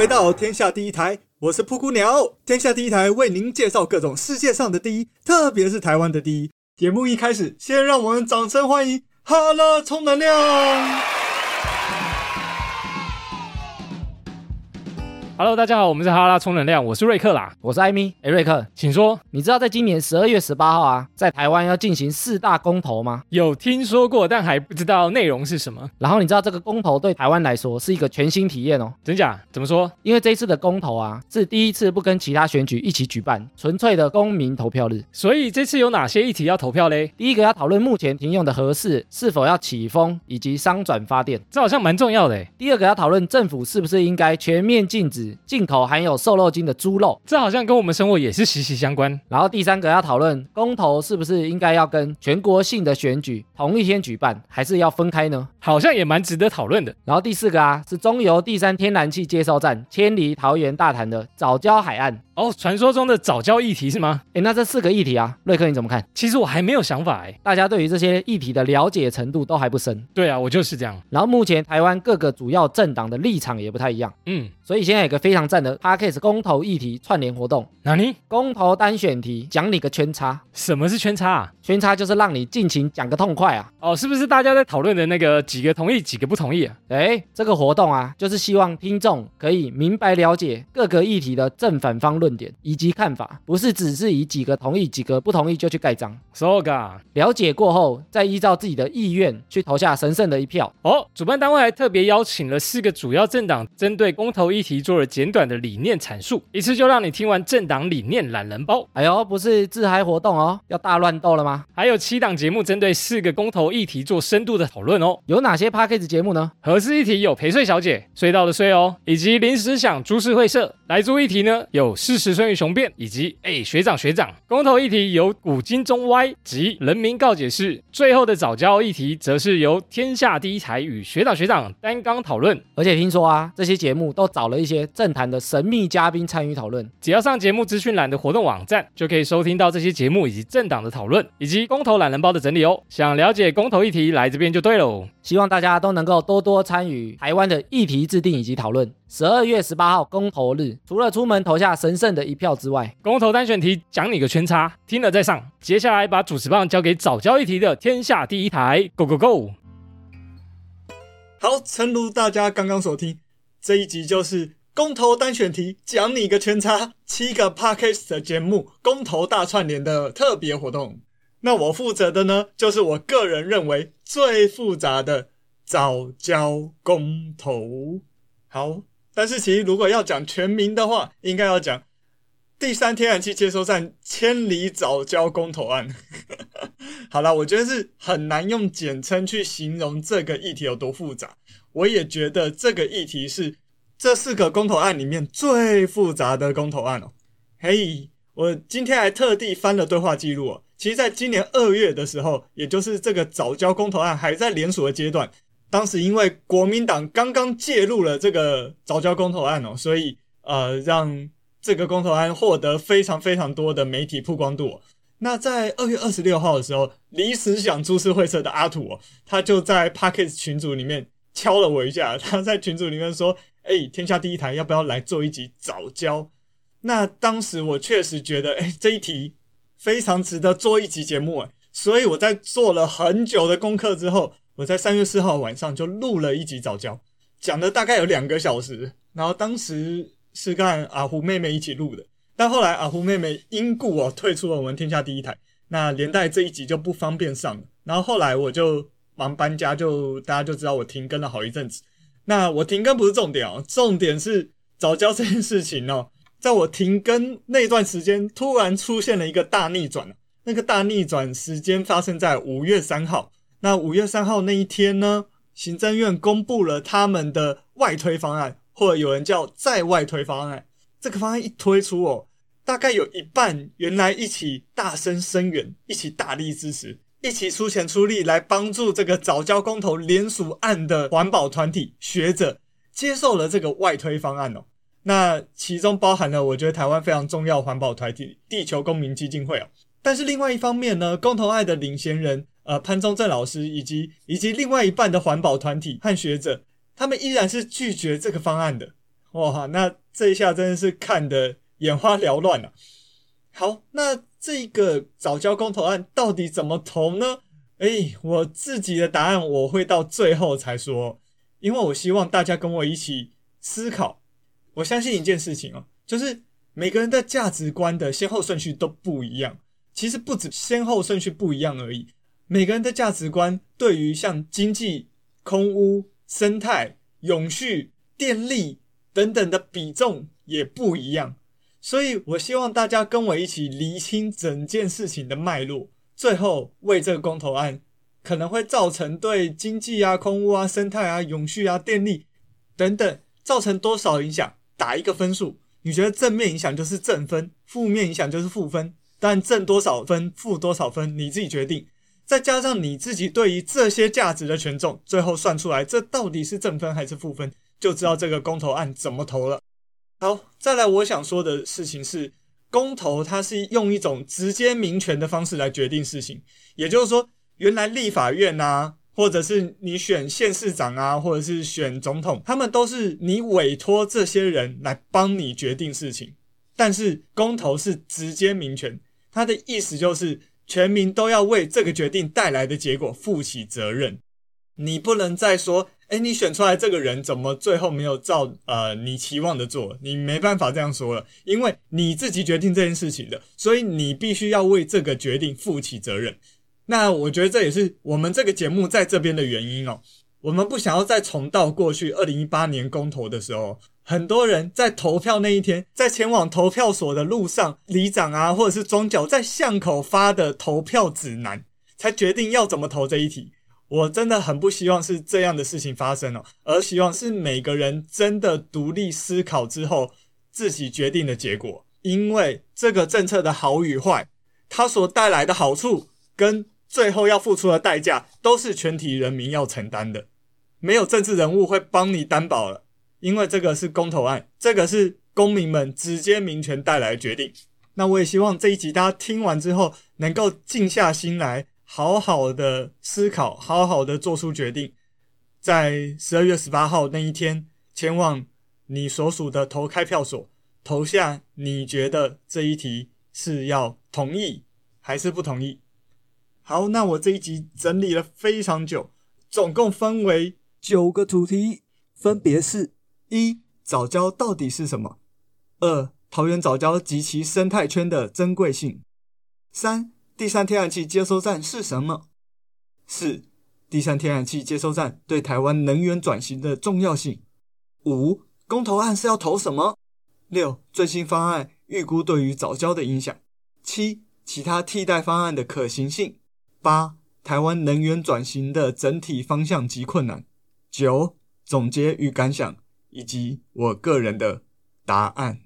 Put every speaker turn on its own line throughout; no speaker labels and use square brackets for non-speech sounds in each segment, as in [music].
回到天下第一台，我是噗咕鳥。天下第一台為您介紹各種世界上的第一，特別是台灣的第一。節目一開始，先讓我們掌聲歡迎，hello 充能量。
Hello，大家好，我們是哈拉充能量，我是瑞克啦，我是艾米。誒，瑞克，請說，你知道在今年十二月十八號啊，在台灣要進行四大公投嗎？有聽說過，但還不知道內容是什麼。然後你知道這個公投對台灣來說是一個全新體驗哦？真假？怎麼說？因為這次的公投啊，是第一次不跟其他選舉一起舉辦，純粹的公民投票日。所以這次有哪些議題要投票嘞？第一個要討論目前停用的核四是否要啟封以及商轉發電，這好像蠻重要的耶。第二個要討論政府是不是應該全面禁止。進口含有瘦肉精的豬肉，這好像跟我們生活也是息息相關。然後第三個要討論，公投是不是應該要跟全國性的選舉同一天舉辦，還是要分開呢？好像也蠻值得討論的。然後第四個啊，是中油第三天然氣接收站遷離桃園大潭的藻礁海岸。哦，傳說中的藻礁議題是嗎？誒，那這四個議題啊，瑞克你怎麼看？其實我還沒有想法誒，大家對於這些議題的了解程度都還不深。對啊，我就是這樣。然後目前台灣各個主要政黨的立場也不太一樣。嗯。所以現在有一個非常讚的 podcast 公投議題串聯活動哪泥，哪裡？公投單選題，講你個圈叉。什麼是圈叉啊？圈叉就是讓你盡情講個痛快啊！哦，是不是大家在討論的那個幾個同意幾個不同意、啊？誒、欸，這個活動啊，就是希望聽眾可以明白了解各個議題的正反方論點以及看法，不是只是以幾個同意幾個不同意就去蓋章。So ga，、啊、了解過後再依照自己的意願去投下神聖的一票。哦，主辦單位還特別邀請了四個主要政黨針對公投議。議題做了簡短的理念闡述，一次就讓你聽完政黨理念懶人包。哎呦，不是自嗨活動哦，要大亂鬥了嗎？還有七檔節目針對四個公投議題做深度的討論哦。有哪些 Podcast 節目呢？核四議題有陪睡小姐睡到的睡哦，以及臨時想諸事會社萊豬議題呢？有事實勝於雄辯，以及哎學長學長。公投議題由古今中外及人民告解室。最後的藻礁議題則是由天下第一台與學長學長擔綱討論。而且聽說啊，這些節目都早。了一些政壇的神秘嘉賓參與討論，只要上節目資訊欄的活動網站，就可以收聽到這些節目以及政黨的討論，以及公投懶人包的整理哦。想了解公投議題，來這邊就對嘍。希望大家都能夠多多參與台灣的議題制定以及討論。十二月十八號公投日，除了出門投下神聖的一票之外，公投單選題講你個圈叉，聽了再上。接下來把主持棒交給藻礁議題的天下第一台，Go Go Go！
好，誠如大家剛剛所聽。這一集就是公投單選題，講你一個圈叉，七個 podcast 的節目，公投大串聯的特別活動。那我負責的呢，就是我個人認為最複雜的藻礁公投。好，但是其實如果要講全名的話，應該要講第三天然氣接收站千里藻礁公投案。 [laughs] 好了，我覺得是很難用簡稱去形容這個議題有多複雜。我也覺得這個議題是這四個公投案裡面最複雜的公投案哦、喔。嘿、hey，我今天還特地翻了對話記錄哦。其實，在今年二月的時候，也就是這個藻礁公投案還在連署的階段，當時因為國民黨剛剛介入了這個藻礁公投案哦、喔，所以呃，讓這個公投案獲得非常非常多的媒體曝光度、喔。那在二月二十六號的時候，臨時想株式會社的阿土、哦，他就在 Podcast 群組裡面敲了我一下。他在群組裡面說：“哎、欸，天下第一台要不要來做一集藻礁？”那當時我確實覺得，哎、欸，這一題非常值得做一集節目，哎，所以我在做了很久的功課之後，我在三月四號晚上就錄了一集藻礁，講了大概有兩個小時。然後當時是跟阿胡妹妹一起錄的。但後來阿虎妹妹因故哦退出了我們天下第一台，那連帶這一集就不方便上了。然後後來我就忙搬家就，就大家就知道我停更了好一陣子。那我停更不是重點哦，重點是藻礁這件事情哦。在我停更那段時間，突然出現了一個大逆轉。那個大逆轉時間發生在五月三號。那五月三號那一天呢，行政院公布了他們的外推方案，或者有人叫再外推方案。這個方案一推出哦。大概有一半原來一起大聲聲援、一起大力支持、一起出錢出力來幫助這個藻礁公投連署案的環保團體學者，接受了這個外推方案哦。那其中包含了我覺得台灣非常重要環保團體地球公民基金會哦。但是另外一方面呢，公投案的領銜人呃潘忠政老師以及以及另外一半的環保團體和學者，他們依然是拒絕這個方案的哇。那這一下真的是看得。眼花繚亂了、啊。好，那這個藻礁公投案到底怎麼投呢？誒、欸，我自己的答案我會到最後才說，因為我希望大家跟我一起思考。我相信一件事情哦，就是每個人的價值觀的先後順序都不一樣。其實不止先後順序不一樣而已，每個人的價值觀對於像經濟、空污、生態、永續、電力等等的比重也不一樣。所以，我希望大家跟我一起釐清整件事情的脈絡，最後為這個公投案可能會造成對經濟啊、空污啊、生態啊、永續啊、電力等等造成多少影響打一個分數。你覺得正面影響就是正分，負面影響就是負分，但正多少分、負多少分你自己決定。再加上你自己對於這些價值的權重，最後算出來這到底是正分還是負分，就知道這個公投案怎麼投了。好，再來，我想說的事情是，公投它是用一種直接民權的方式來決定事情。也就是說，原來立法院啊，或者是你選縣市長啊，或者是選總統，他們都是你委託這些人來幫你決定事情。但是公投是直接民權，它的意思就是全民都要為這個決定帶來的結果負起責任。你不能再說。哎，你選出來這個人怎麼最後沒有照呃你期望的做？你沒辦法這樣說了，因為你自己決定這件事情的，所以你必須要為這個決定負起責任。那我覺得這也是我們這個節目在這邊的原因哦，我們不想要再重蹈過去二零一八年公投的時候，很多人在投票那一天，在前往投票所的路上，里長啊或者是樁腳在巷口發的投票指南，才決定要怎麼投這一題。我真的很不希望是這樣的事情發生哦，而希望是每個人真的獨立思考之後自己決定的結果。因為這個政策的好與壞，它所帶來的好處跟最後要付出的代價，都是全體人民要承擔的。沒有政治人物會幫你擔保了，因為這個是公投案，這個是公民們直接民權帶來的決定。那我也希望這一集大家聽完之後，能夠靜下心來。好好的思考，好好的做出決定，在十二月十八號那一天，前往你所屬的投開票所，投下你覺得這一題是要同意還是不同意。好，那我這一集整理了非常久，總共分為九個主題，分別是：一、藻礁到底是什麼；二、桃園藻礁及其生態圈的珍貴性；三、第三天然氣接收站是什麼？四、第三天然氣接收站對台灣能源轉型的重要性。五、公投案是要投什麼？六、最新方案預估對於藻礁的影響。七、其他替代方案的可行性。八、台灣能源轉型的整體方向及困難。九、總結與感想，以及我個人的答案。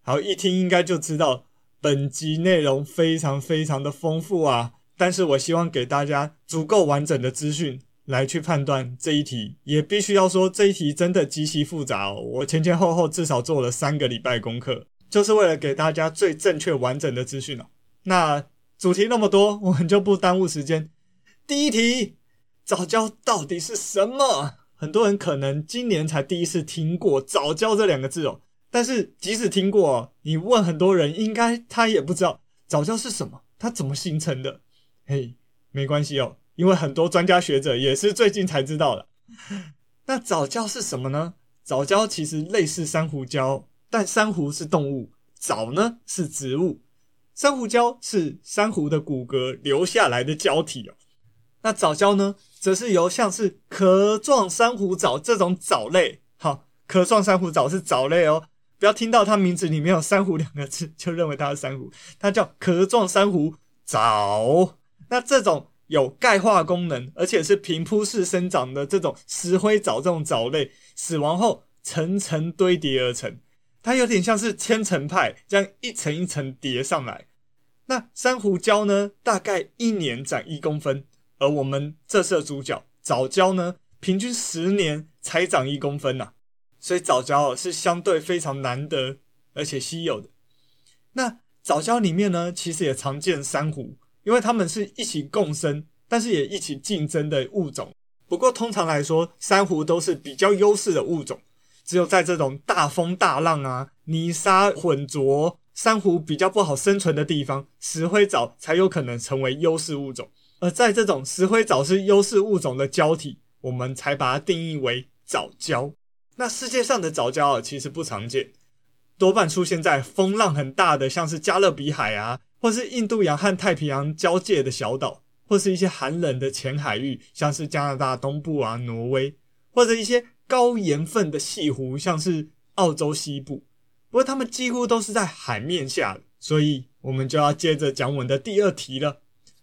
好，一聽應該就知道。本集內容非常非常的豐富啊，但是我希望給大家足夠完整的資訊來去判斷這一題，也必須要說這一題真的極其複雜，哦，我前前後後至少做了三個禮拜功課，就是為了給大家最正確完整的資訊哦。那主題那麼多，我們就不耽誤時間。第一題，藻礁到底是什麼？很多人可能今年才第一次聽過“藻礁”這兩個字哦。但是即使聽過哦，你問很多人，應該他也不知道藻礁是什麼，它怎麼形成的？嘿，沒關係哦，因為很多專家學者也是最近才知道的。 [laughs] 那藻礁是什麼呢？藻礁其實類似珊瑚礁，但珊瑚是動物，藻呢是植物。珊瑚礁是珊瑚的骨骼留下來的膠體哦。那藻礁呢，則是由像是殼狀珊瑚藻這種藻類，好，殼狀珊瑚藻是藻類哦。不要聽到它名字裡面有“珊瑚”兩個字就認為它是珊瑚，它叫殼狀珊瑚藻。那這種有鈣化功能，而且是平鋪式生長的這種石灰藻這種藻類，死亡後層層堆疊而成，它有點像是千層派，這樣一層一層疊上來。那珊瑚礁呢，大概一年長一公分，而我們這次的主角藻礁呢，平均十年才長一公分吶啊。所以藻礁是相對非常難得而且稀有的。那藻礁裡面呢，其實也常見珊瑚，因為它們是一起共生，但是也一起競爭的物種。不過通常來說，珊瑚都是比較優勢的物種。只有在這種大風大浪啊、泥沙混濁、珊瑚比較不好生存的地方，石灰藻才有可能成為優勢物種。而在這種石灰藻是優勢物種的礁體，我們才把它定義為藻礁。那世界上的藻礁啊，其實不常見，多半出現在風浪很大的，像是加勒比海啊，或是印度洋和太平洋交界的小島，或是一些寒冷的淺海域，像是加拿大東部啊、挪威，或者一些高鹽分的潟湖，像是澳洲西部。不過它們幾乎都是在海面下，所以我們就要接着講我們的第二題了：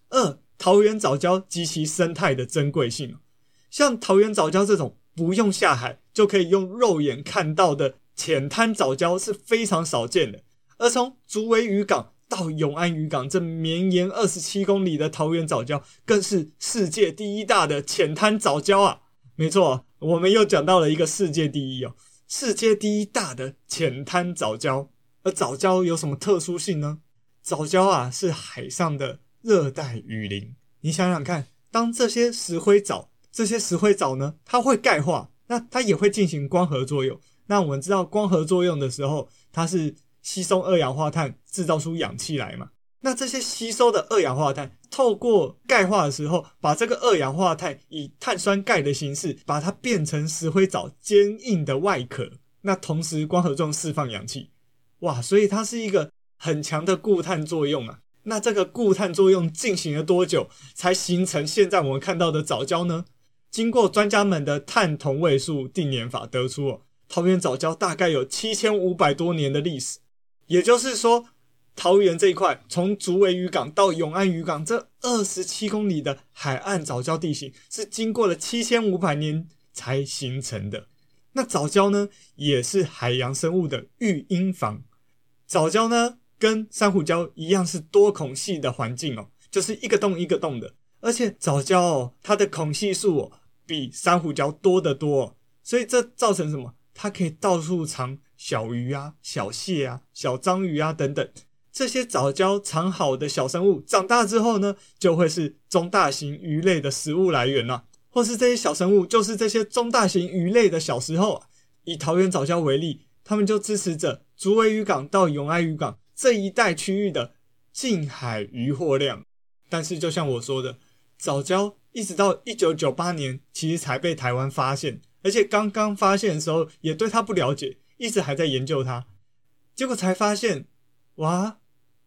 二、桃園藻礁及其生態的珍貴性。像桃園藻礁這種。不用下海就可以用肉眼看到的淺灘藻礁是非常少見的，而從竹圍漁港到永安漁港這綿延二十七公里的桃園藻礁，更是世界第一大的淺灘藻礁啊！沒錯啊，我們又講到了一個世界第一哦，世界第一大的淺灘藻礁。而藻礁有什麼特殊性呢？藻礁啊，是海上的熱帶雨林。你想想看，當這些石灰藻。這些石灰藻呢，它會鈣化，那它也會進行光合作用。那我們知道光合作用的時候，它是吸收二氧化碳，製造出氧氣來嘛。那這些吸收的二氧化碳，透過鈣化的時候，把這個二氧化碳以碳酸鈣的形式，把它變成石灰藻堅硬的外殼。那同時光合作用釋放氧氣，哇，所以它是一個很強的固碳作用啊。那這個固碳作用進行了多久，才形成現在我們看到的藻礁呢？經過專家們的碳同位素定年法得出哦，桃園藻礁大概有七千五百多年的歷史。也就是說，桃園這一塊從竹圍漁港到永安漁港這二十七公里的海岸藻礁地形，是經過了七千五百年才形成的。那藻礁呢，也是海洋生物的育嬰房。藻礁呢，跟珊瑚礁一樣是多孔隙的環境哦，就是一個洞一個洞的。而且藻礁哦，它的孔隙數哦。比珊瑚礁多得多，哦，所以這造成什麼？它可以到處藏小魚啊、小蟹啊、小章魚啊等等，這些藻礁藏好的小生物，長大之後呢，就會是中大型魚類的食物來源了，啊，或是這些小生物，就是這些中大型魚類的小時候。以桃園藻礁為例，他們就支持着竹圍漁港到永安漁港這一帶區域的近海漁獲量。但是，就像我說的。藻礁一直到一九九八年，其實才被台灣發現，而且剛剛發現的時候也對他不了解，一直還在研究它，結果才發現，哇，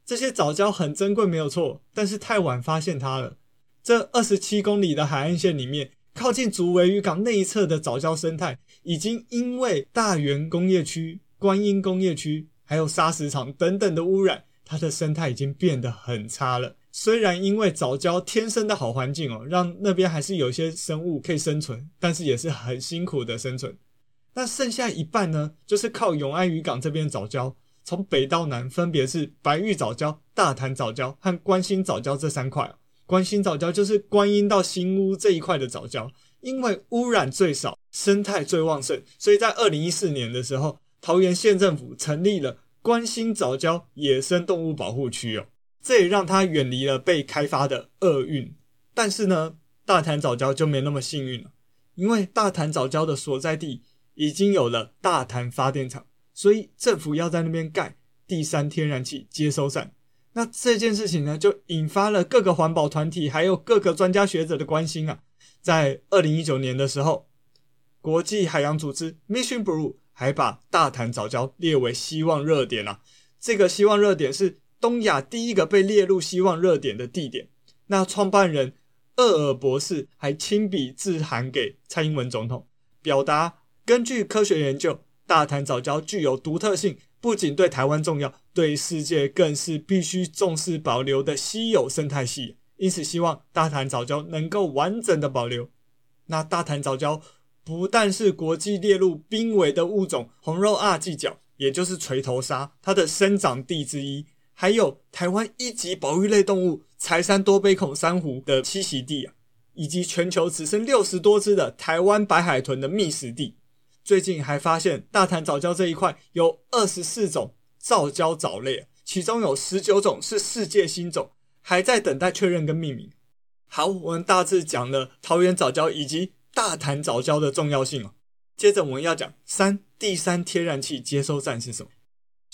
這些藻礁很珍貴沒有錯，但是太晚發現它了。這二十七公里的海岸線裡面，靠近竹圍漁港內側的藻礁生態，已經因為大園工業區、觀音工業區還有砂石場等等的污染，它的生態已經變得很差了。雖然因為藻礁天生的好環境哦，讓那邊還是有些生物可以生存，但是也是很辛苦的生存。那剩下一半呢，就是靠永安漁港這邊藻礁，從北到南分別是白玉藻礁、大潭藻礁和觀新藻礁這三塊哦。觀新藻礁就是觀音到新屋這一塊的藻礁，因為污染最少、生態最旺盛，所以在二零一四年的時候，桃園縣政府成立了觀新藻礁野生動物保護區哦。這也讓他遠離了被開發的厄運，但是呢，大潭藻礁就沒那麼幸運了，因為大潭藻礁的所在地已經有了大潭發電廠，所以政府要在那邊蓋第三天然氣接收站。那這件事情呢，就引發了各個環保團體還有各個專家學者的關心啊。在二零一九年的時候，國際海洋組織 Mission Blue 還把大潭藻礁列為希望熱點啊，這個希望熱點是。東亞第一個被列入希望熱點的地點，那創辦人厄爾博士還親筆致函給蔡英文總統，表達根據科學研究，大潭藻礁具有獨特性，不僅對台灣重要，對世界更是必須重視保留的稀有生態系。因此，希望大潭藻礁能夠完整的保留。那大潭藻礁不但是國際列入瀕危的物種紅肉丫髻鮫，也就是錘頭鯊，它的生長地之一。還有台灣一級保育類動物柴山多杯孔珊瑚的棲息地啊，以及全球只剩六十多隻的台灣白海豚的覓食地。最近還發現大潭藻礁這一塊有二十四種藻礁藻類，其中有十九種是世界新種，還在等待確認跟命名。好，我們大致講了桃園藻礁以及大潭藻礁的重要性哦。接着我們要講三第三天然氣接收站是什麼。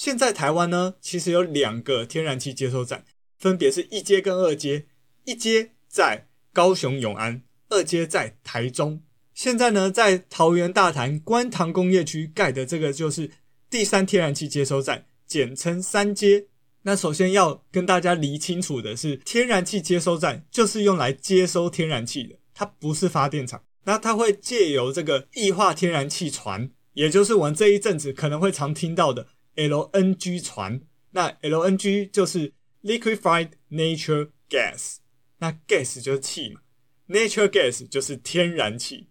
現在台灣呢，其實有兩個天然氣接收站，分別是一接跟二接，一接在高雄永安，二接在台中。現在呢，在桃園大潭、觀塘工業區蓋的這個就是第三天然氣接收站，簡稱三接。那首先要跟大家釐清楚的是，天然氣接收站就是用來接收天然氣的，它不是發電廠。那它會借由這個液化天然氣船，也就是我們這一陣子可能會常聽到的。LNG 船，那 LNG 就是 liquefied nature gas，那 gas 就是氣嘛，nature gas 就是天然氣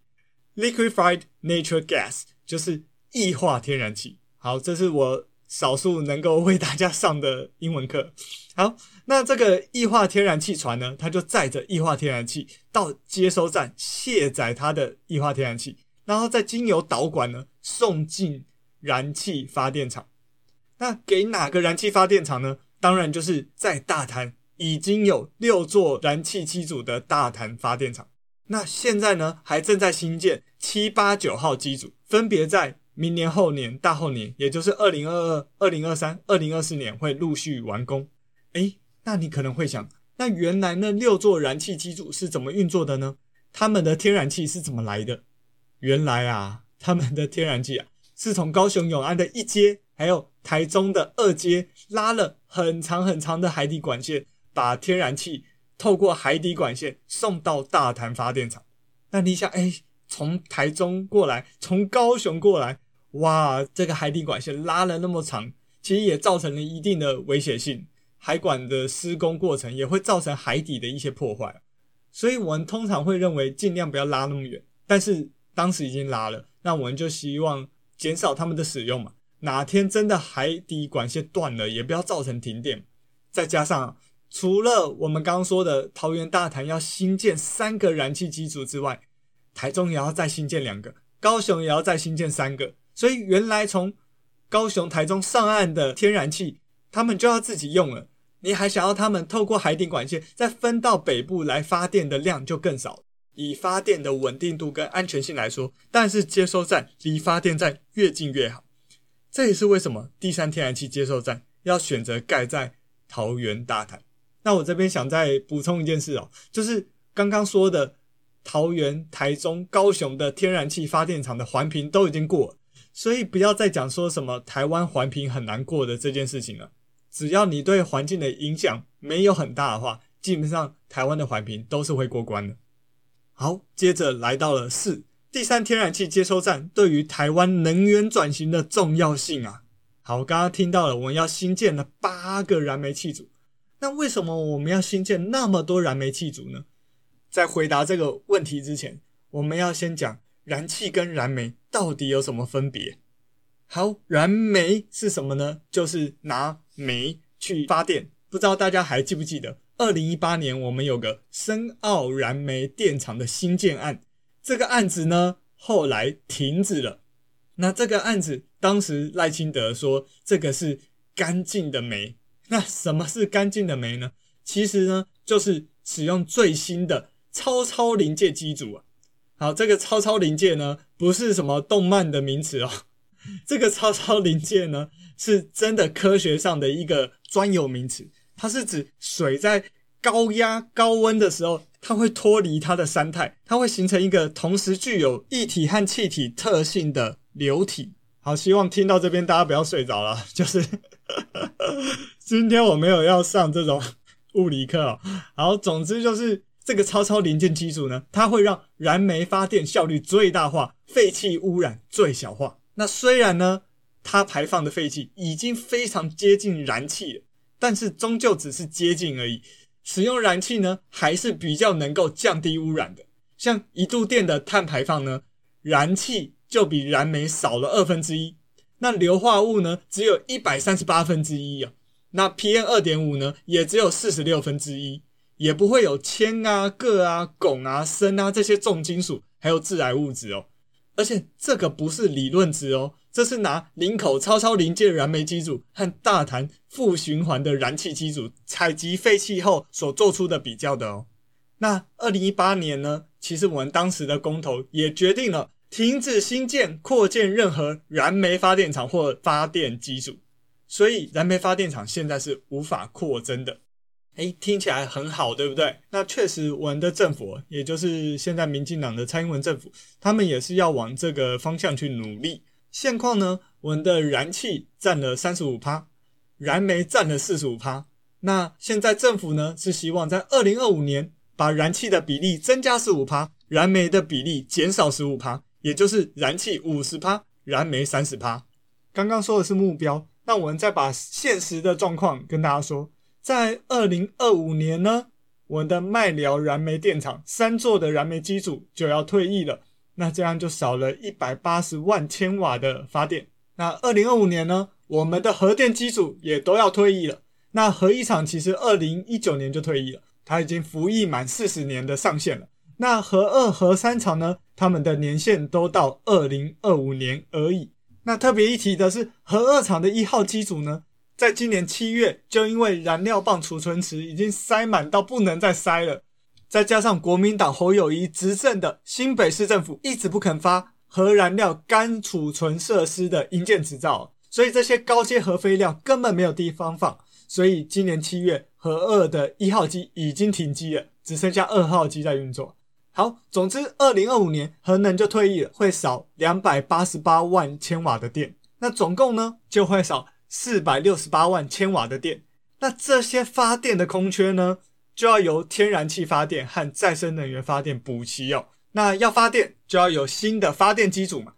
，liquefied nature gas 就是液化天然氣。好，這是我少數能夠為大家上的英文課。好，那這個液化天然氣船呢，它就載着液化天然氣到接收站卸載它的液化天然氣，然後再經由導管呢送進燃氣發電廠。那給哪個燃氣發電廠呢？當然就是在大潭已經有六座燃氣機組的大潭發電廠。那現在呢，還正在新建七八九號機組，分別在明年、後年、大後年，也就是二零二二、二零二三、二零二四年會陸續完工。哎，那你可能會想，那原來那六座燃氣機組是怎麼運作的呢？他們的天然氣是怎麼來的？原來啊，他們的天然氣啊，是從高雄永安的一接還有台中的二接拉了很長很長的海底管線，把天然氣透過海底管線送到大潭發電廠。那你想，哎，從台中過來，從高雄過來，哇，這個海底管線拉了那麼長，其實也造成了一定的危險性。海管的施工過程也會造成海底的一些破壞，所以我們通常會認為盡量不要拉那麼遠。但是當時已經拉了，那我們就希望減少他們的使用嘛。哪天真的海底管線斷了，也不要造成停電。再加上啊，除了我們剛剛說的桃園大潭要新建三個燃氣機組之外，台中也要再新建兩個，高雄也要再新建三個。所以，原來從高雄、台中上岸的天然氣，他們就要自己用了。你還想要他們透過海底管線再分到北部來發電的量就更少了。以發電的穩定度跟安全性來說，但是接收站離發電站越近越好。這也是為什麼第三天然氣接收站要選擇蓋在桃園、大潭。那我這邊想再補充一件事哦，就是剛剛說的桃園、台中、高雄的天然氣發電廠的環評都已經過了，所以不要再講說什麼台灣環評很難過的這件事情了。只要你對環境的影響沒有很大的話，基本上台灣的環評都是會過關的。好，接着來到了四。第三天然氣接收站對於台灣能源轉型的重要性啊！好，我剛剛聽到了，我們要新建了八個燃煤氣組。那為什麼我們要新建那麼多燃煤氣組呢？在回答這個問題之前，我們要先講燃氣跟燃煤到底有什麼分別。好，燃煤是什麼呢？就是拿煤去發電。不知道大家還記不記得，二零一八年我們有個深澳燃煤電廠的新建案。這個案子呢，後來停止了。那這個案子當時賴清德說，這個是乾淨的煤。那什麼是乾淨的煤呢？其實呢，就是使用最新的超超臨界機組啊。好，這個超超臨界呢，不是什麼動漫的名詞哦。 [laughs] 這個超超臨界呢，是真的科學上的一個專有名詞。它是指水在高壓高溫的時候。它會脫離它的三態，它會形成一個同時具有液體和氣體特性的流體。好，希望聽到這邊大家不要睡着了。就是 [laughs] 今天我沒有要上這種物理課哦。好，總之就是這個超超臨界技術呢，它會讓燃煤發電效率最大化，廢氣污染最小化。那雖然呢，它排放的廢氣已經非常接近燃氣了，但是終究只是接近而已。使用燃氣呢，還是比較能夠降低污染的。像一度電的碳排放呢，燃氣就比燃煤少了二分之一。2, 那硫化物呢，只有一百三十八分之一啊。8, 那 PM 二點五呢，也只有四十六分之一，46, 也不會有鉛啊、鉻啊、汞啊、砷啊這些重金屬，還有致癌物質哦。而且這個不是理論值哦。這是拿林口超超臨界燃煤機組和大潭複循環的燃氣機組採集廢氣後所做出的比較的哦。那二零一八年呢，其實我們當時的公投也決定了停止新建、擴建任何燃煤發電廠或發電機組，所以燃煤發電廠現在是無法擴增的。哎，聽起來很好，對不對？那確實，我們的政府，也就是現在民進黨的蔡英文政府，他們也是要往這個方向去努力。現況呢，我們的燃氣佔了三十五趴，燃煤佔了四十五趴。那現在政府呢，是希望在二零二五年把燃氣的比例增加十五趴，燃煤的比例減少十五趴，也就是燃氣五十趴，燃煤三十趴。剛剛說的是目標，那我們再把現實的狀況跟大家說，在二零二五年呢，我們的麥寮燃煤電廠三座的燃煤機組就要退役了。那這樣就少了一百八十萬千瓦的發電。那二零二五年呢，我們的核電機組也都要退役了。那核一廠其實二零一九年就退役了，它已經服役滿四十年的上限了。那核二、核三廠呢，它們的年限都到二零二五年而已。那特別一提的是，核二廠的一號機組呢，在今年七月就因為燃料棒儲存池已經塞滿到不能再塞了。再加上國民黨侯友宜執政的新北市政府一直不肯發核燃料乾儲存設施的營建執照，所以這些高階核廢料根本沒有地方放。所以今年七月，核二的一號機已經停機了，只剩下二號機在運作。好，總之，二零二五年核能就退役了，會少兩百八十八萬千瓦的電。那總共呢，就會少四百六十八萬千瓦的電。那這些發電的空缺呢？就要由天然氣發電和再生能源發電補齊哦，那要發電，就要有新的發電機組嘛。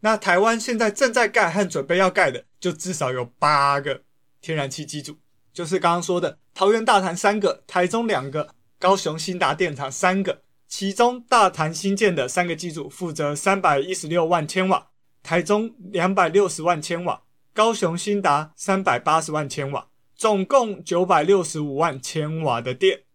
那台灣現在正在蓋和準備要蓋的，就至少有八個天然氣機組，就是剛剛說的桃園大潭三個，台中兩個，高雄興達電廠三個。其中大潭新建的三個機組負責三百一十六萬千瓦，台中兩百六十萬千瓦，高雄興達三百八十萬千瓦，總共九百六十五萬千瓦的電。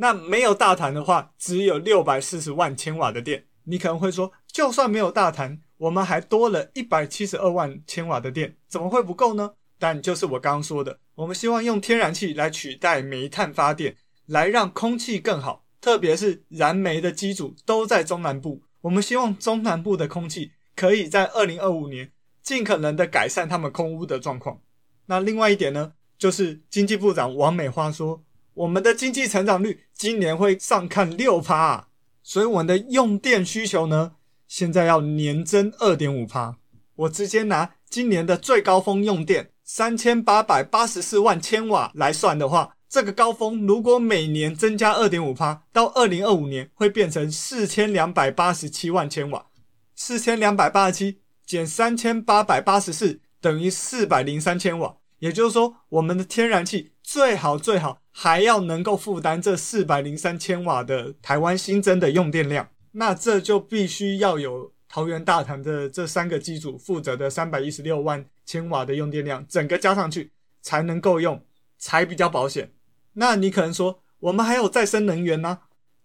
那沒有大潭的話，只有六百四十萬千瓦的電。你可能會說，就算沒有大潭，我們還多了一百七十二萬千瓦的電，怎麼會不夠呢？但就是我剛剛說的，我們希望用天然氣來取代煤炭發電，來讓空氣更好。特別是燃煤的機組都在中南部，我們希望中南部的空氣可以在二零二五年盡可能的改善他們空污的狀況。那另外一點呢，就是經濟部長王美花說。我們的經濟成長率今年會上看六趴啊，所以我們的用電需求呢，現在要年增二點五趴。我直接拿今年的最高峰用電三千八百八十四萬千瓦來算的話，這個高峰如果每年增加二點五趴，到二零二五年會變成四千兩百八十七萬千瓦。四千兩百八十七減三千八百八十四等於四百零三千瓦，也就是說我們的天然氣。最好最好還要能夠負擔這四百零三千瓦的台灣新增的用電量，那這就必須要有桃園大潭的這三個機組負責的三百一十六萬千瓦的用電量，整個加上去才能夠用，才比較保險。那你可能說，我們還有再生能源呢、啊？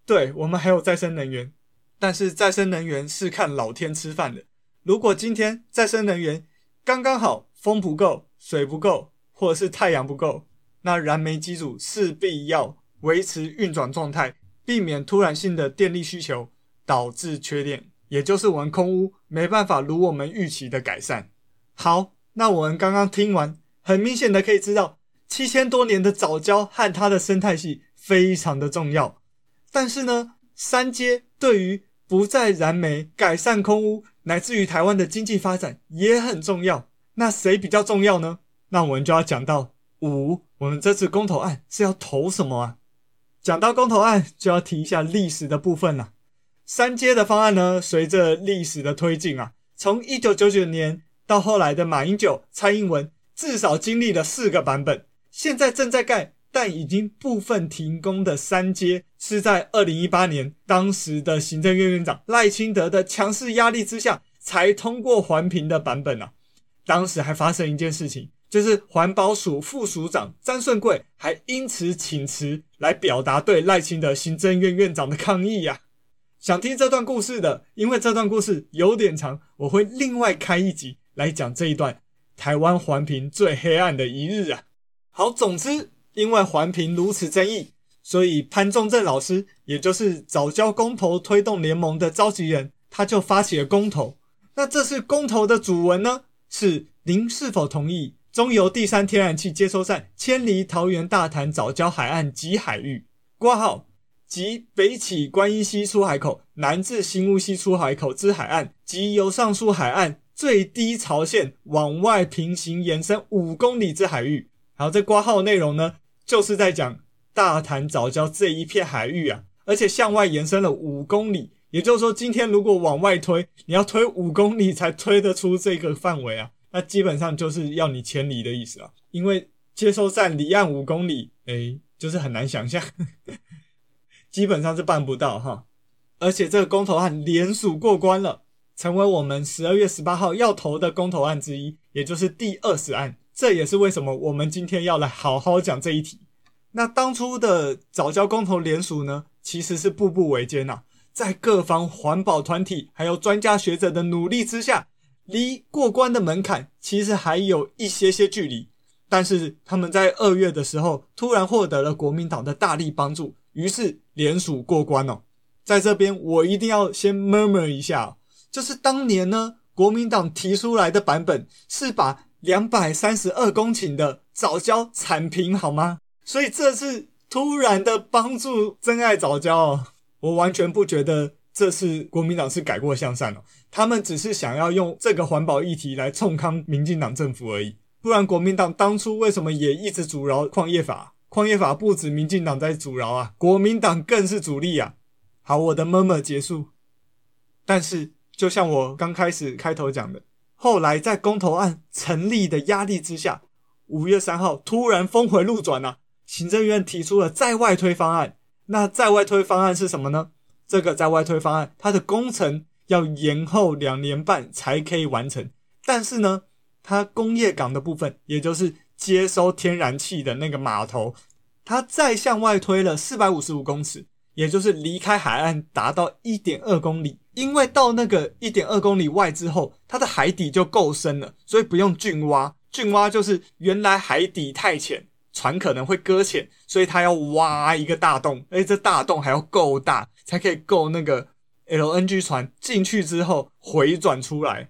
對，我們還有再生能源，但是再生能源是看老天吃飯的。如果今天再生能源剛剛好，風不夠、水不夠，或者是太陽不夠。那燃煤機組勢必要維持運轉狀態，避免突然性的電力需求，導致缺電，也就是我們空污沒辦法如我們預期的改善。好，那我們剛剛聽完，很明顯的可以知道，七千多年的藻礁和它的生態系非常的重要。但是呢，三接對於不再燃煤、改善空污，乃至於台灣的經濟發展也很重要。那誰比較重要呢？那我們就要講到。五，我們這次公投案是要投什麼啊？講到公投案，就要提一下歷史的部分了。三接的方案呢，隨着歷史的推進啊，從一九九九年到後來的馬英九、蔡英文，至少經歷了四個版本。現在正在蓋但已經部分停工的三接，是在二零一八年，當時的行政院院長賴清德的強勢壓力之下才通過環評的版本呢、啊。當時還發生一件事情。就是環保署副署長詹順貴還因此請辭，來表達對賴清德行政院院長的抗議呀、啊。想聽這段故事的，因為這段故事有點長，我會另外開一集來講這一段台灣環評最黑暗的一日啊。好，總之因為環評如此爭議，所以潘仲正老師，也就是藻礁公投推動聯盟的召集人，他就發起了公投。那這是公投的主文呢，是您是否同意？中油第三天然氣接收站，遷離桃園大潭藻礁海岸及海域，括號，即北起觀音溪出海口，南至新屋溪出海口之海岸，及由上述海岸最低潮線往外平行延伸五公里之海域。好，這括號內容呢，就是在講大潭藻礁這一片海域啊，而且向外延伸了五公里。也就是說，今天如果往外推，你要推五公里才推得出這個範圍啊。那基本上就是要你遷離的意思啊，因為接收站離岸五公里，誒，就是很難想象，呵呵基本上是辦不到哈。而且這個公投案連署過關了，成為我們十二月十八號要投的公投案之一，也就是第二十案。這也是為什麼我們今天要來好好講這一題。那當初的藻礁公投連署呢，其實是步步維艱吶、啊，在各方環保團體還有專家學者的努力之下，離過關的門檻其實還有一些些距離，但是他們在二月的時候突然獲得了國民黨的大力幫助，於是聯署過關了，哦。在這邊我一定要先 murmur 一下，哦，就是當年呢國民黨提出來的版本是把兩百三十二公頃的藻礁鏟平，好嗎？所以這次突然的幫助真愛藻礁，哦，我完全不覺得這次國民黨是改過向善了，哦。他們只是想要用這個環保議題來衝康民進黨政府而已，不然國民黨當初為什麼也一直阻撓礦業法？礦業法不止民進黨在阻撓啊，國民黨更是主力啊。好，我的 murmur 結束。但是就像我剛開始開頭講的，後來在公投案成立的壓力之下，五月三號突然峰回路轉啊，行政院提出了再外推方案。那再外推方案是什麼呢？這個再外推方案它的工程。要延後兩年半才可以完成，但是呢，它工業港的部分，也就是接收天然氣的那個碼頭，它再向外推了四百五十五公尺，也就是離開海岸達到一點二公里。因為到那個一點二公里外之後，它的海底就夠深了，所以不用浚挖。浚挖就是原來海底太淺，船可能會擱淺，所以它要挖一個大洞，哎、欸，這大洞還要夠大，才可以夠那個。LNG 船進去之後回轉出來，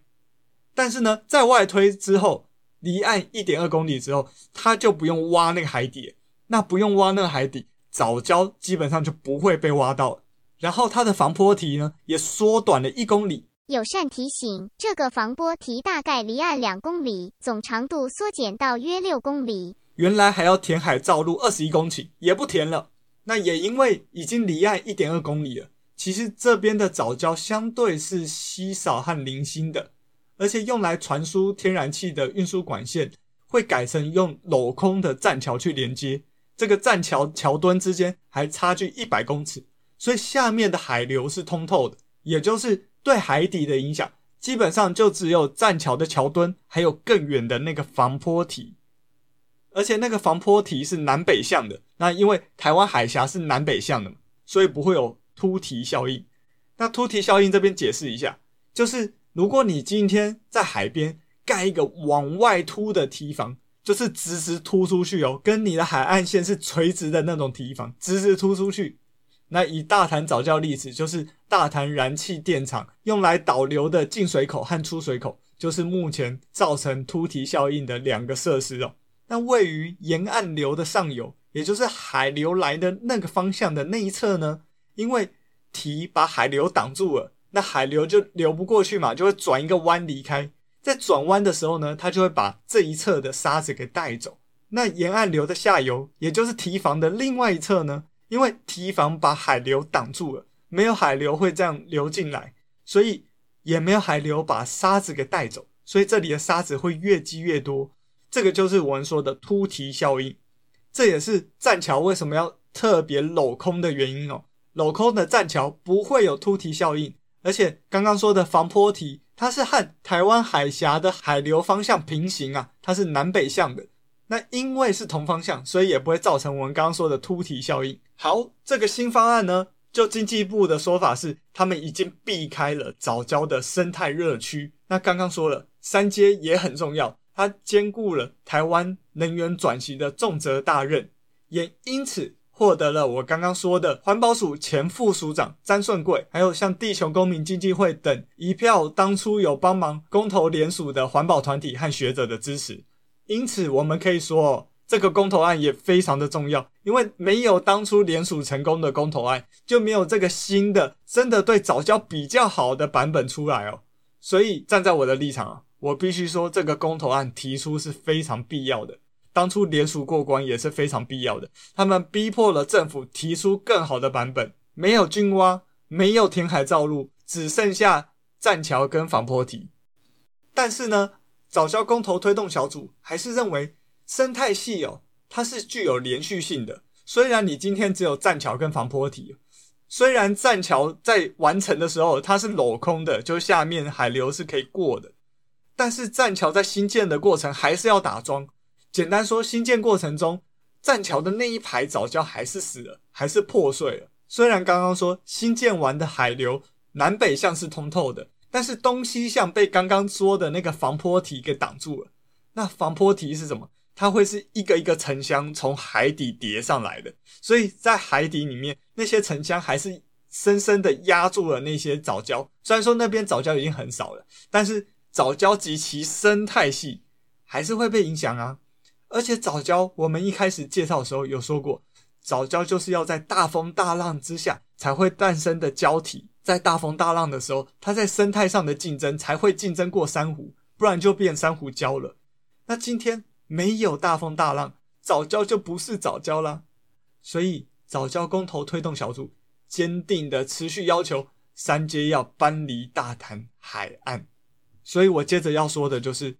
但是呢，在外推之後離岸一點二公里之後，它就不用挖那個海底，那不用挖那個海底，藻礁基本上就不會被挖到。然後它的防波堤呢，也縮短了一公里。
友善提醒：這個防波堤大概離岸兩公里，總長度縮減到約六公里。
原來還要填海造陸二十一公頃，也不填了。那也因為已經離岸一點二公里了。其實這邊的藻礁相對是稀少和零星的，而且用來傳輸天然氣的運輸管線會改成用鏤空的棧橋去連接，這個棧橋橋墩之間還差距一百公尺，所以下面的海流是通透的，也就是對海底的影響基本上就只有棧橋的橋墩，還有更遠的那個防波堤，而且那個防波堤是南北向的，那因為臺灣海峽是南北向的嘛，所以不會有。突堤效應，那突堤效應這邊解釋一下，就是如果你今天在海邊蓋一個往外凸的堤防，就是直直突出去哦，跟你的海岸線是垂直的那種堤防，直直突出去。那以大潭藻礁例子，就是大潭燃氣電廠用來導流的進水口和出水口，就是目前造成突堤效應的兩個設施哦。那位於沿岸流的上游，也就是海流來的那個方向的那一側呢？因為堤把海流擋住了，那海流就流不過去嘛，就會轉一個彎離開。在轉彎的時候呢，它就會把這一側的沙子給帶走。那沿岸流的下游，也就是堤防的另外一側呢，因為堤防把海流擋住了，沒有海流會這樣流進來，所以也沒有海流把沙子給帶走，所以這裡的沙子會越積越多。這個就是我們說的凸堤效應，這也是棧橋為什麼要特別鏤空的原因哦。鏤空的棧橋不會有凸堤效應，而且剛剛說的防波堤，它是和台灣海峽的海流方向平行啊，它是南北向的。那因為是同方向，所以也不會造成我們剛剛說的凸堤效應。好，這個新方案呢，就經濟部的說法是，他們已經避開了藻礁的生態熱區。那剛剛說了，三接也很重要，它兼顧了台灣能源轉型的重責大任，也因此。獲得了我剛剛說的環保署前副署長詹順貴，還有像地球公民基金會等一票當初有幫忙公投聯署的環保團體和學者的支持，因此我們可以說，這個公投案也非常的重要，因為沒有當初聯署成功的公投案，就沒有這個新的真的對藻礁比較好的版本出來哦。所以站在我的立場，我必須說，這個公投案提出是非常必要的。當初聯署過關也是非常必要的，他們逼迫了政府提出更好的版本，沒有浚挖，沒有填海造陸，只剩下棧橋跟防波堤。但是呢，藻礁公投推動小組還是認為生態系哦，它是具有連續性的，雖然你今天只有棧橋跟防波堤，雖然棧橋在完成的時候它是鏤空的，就下面海流是可以過的，但是棧橋在新建的過程還是要打樁。簡單說，新建過程中，棧橋的那一排藻礁還是死了，還是破碎了。雖然剛剛說新建完的海流南北向是通透的，但是東西向被剛剛說的那個防波堤給擋住了。那防波堤是什麼？它會是一個一個沉箱從海底疊上來的，所以在海底裡面那些沉箱還是深深的壓住了那些藻礁。雖然說那邊藻礁已經很少了，但是藻礁及其生態系還是會被影響啊。而且藻礁，我們一開始介紹的時候有說過，藻礁就是要在大風大浪之下才會誕生的礁體，在大風大浪的時候，它在生態上的競爭才會競爭過珊瑚，不然就變珊瑚礁了。那今天沒有大風大浪，藻礁就不是藻礁啦。所以藻礁公投推動小組堅定的持續要求三接要搬離大潭海岸。所以我接着要說的就是，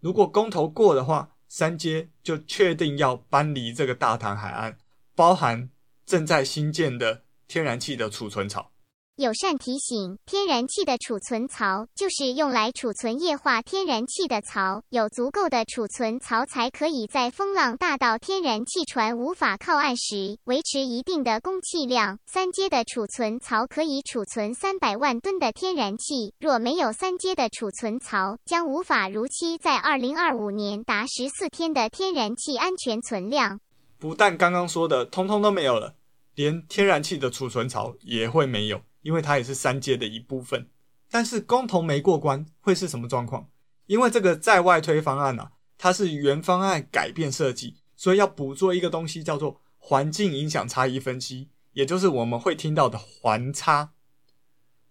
如果公投過的話。三接就確定要搬離這個大潭海岸，包含正在新建的天然氣的儲存槽。
友善提醒：天然氣的儲存槽就是用來儲存液化天然氣的槽。有足夠的儲存槽，才可以在風浪大到天然氣船無法靠岸時，維持一定的供氣量。三接的儲存槽可以儲存三百萬噸的天然氣。若沒有三接的儲存槽，將無法如期在二零二五年達十四天的天然氣安全存量。
不但剛剛說的通通都沒有了，連天然氣的儲存槽也會沒有。因為它也是三接的一部分，但是公投沒過關會是什麼狀況？因為這個在外推方案啊，它是原方案改變設計，所以要補做一個東西叫做環境影響差異分析，也就是我們會聽到的環差。